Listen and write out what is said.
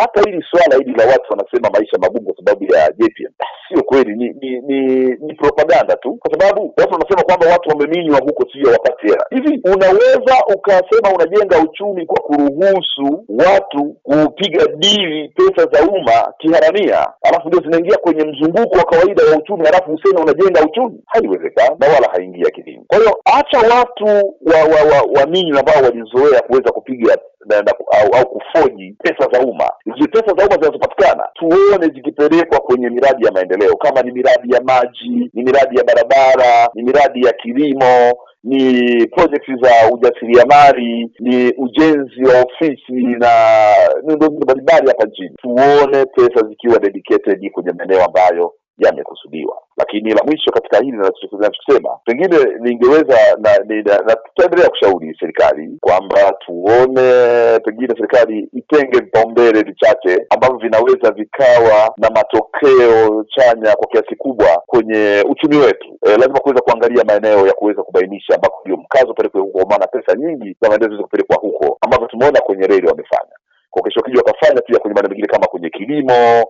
hata hili swala hili la watu wanasema maisha magumu kwa sababu ya JPM sio kweli, ni ni, ni ni propaganda tu, kwa sababu watu wanasema kwamba watu wameminywa huko, sio wapate hela. Hivi unaweza ukasema unajenga uchumi kwa kuruhusu watu kupiga dili pesa za umma kiharamia, alafu ndio zinaingia kwenye mzunguko wa kawaida wa uchumi, alafu useme unajenga uchumi? Haiwezekani na wala haingia akilini. Kwa hiyo acha watu wa wa, wa, wa, wa ambao walizoea kuweza kupiga na, na, au, au kufoji pesa za umma. Hizi pesa za umma zinazopatikana tuone zikipelekwa kwenye miradi ya maendeleo, kama ni miradi ya maji, ni miradi ya barabara, ni miradi ya kilimo ni projekti za ujasiriamali, ni ujenzi wa ofisi na miundombinu mbalimbali hapa nchini. Tuone pesa zikiwa dedicated kwenye maeneo ambayo yamekusudiwa. Lakini la mwisho katika hili nachosema, pengine ningeweza na tutaendelea kushauri serikali kwamba tuone pengine serikali itenge vipaumbele vichache ambavyo vinaweza vikawa na matokeo chanya kwa kiasi kubwa kwenye uchumi wetu. E, lazima kuweza kuangalia maeneo ya kuweza kubainisha ambako ndio mkazo upelekwe huko, kwa maana pesa nyingi za maendeleo kupelekwa huko ambavyo tumeona kwenye reli wamefanya, kwa kesho kija wakafanya pia kwenye maeneo mengine kama kwenye kilimo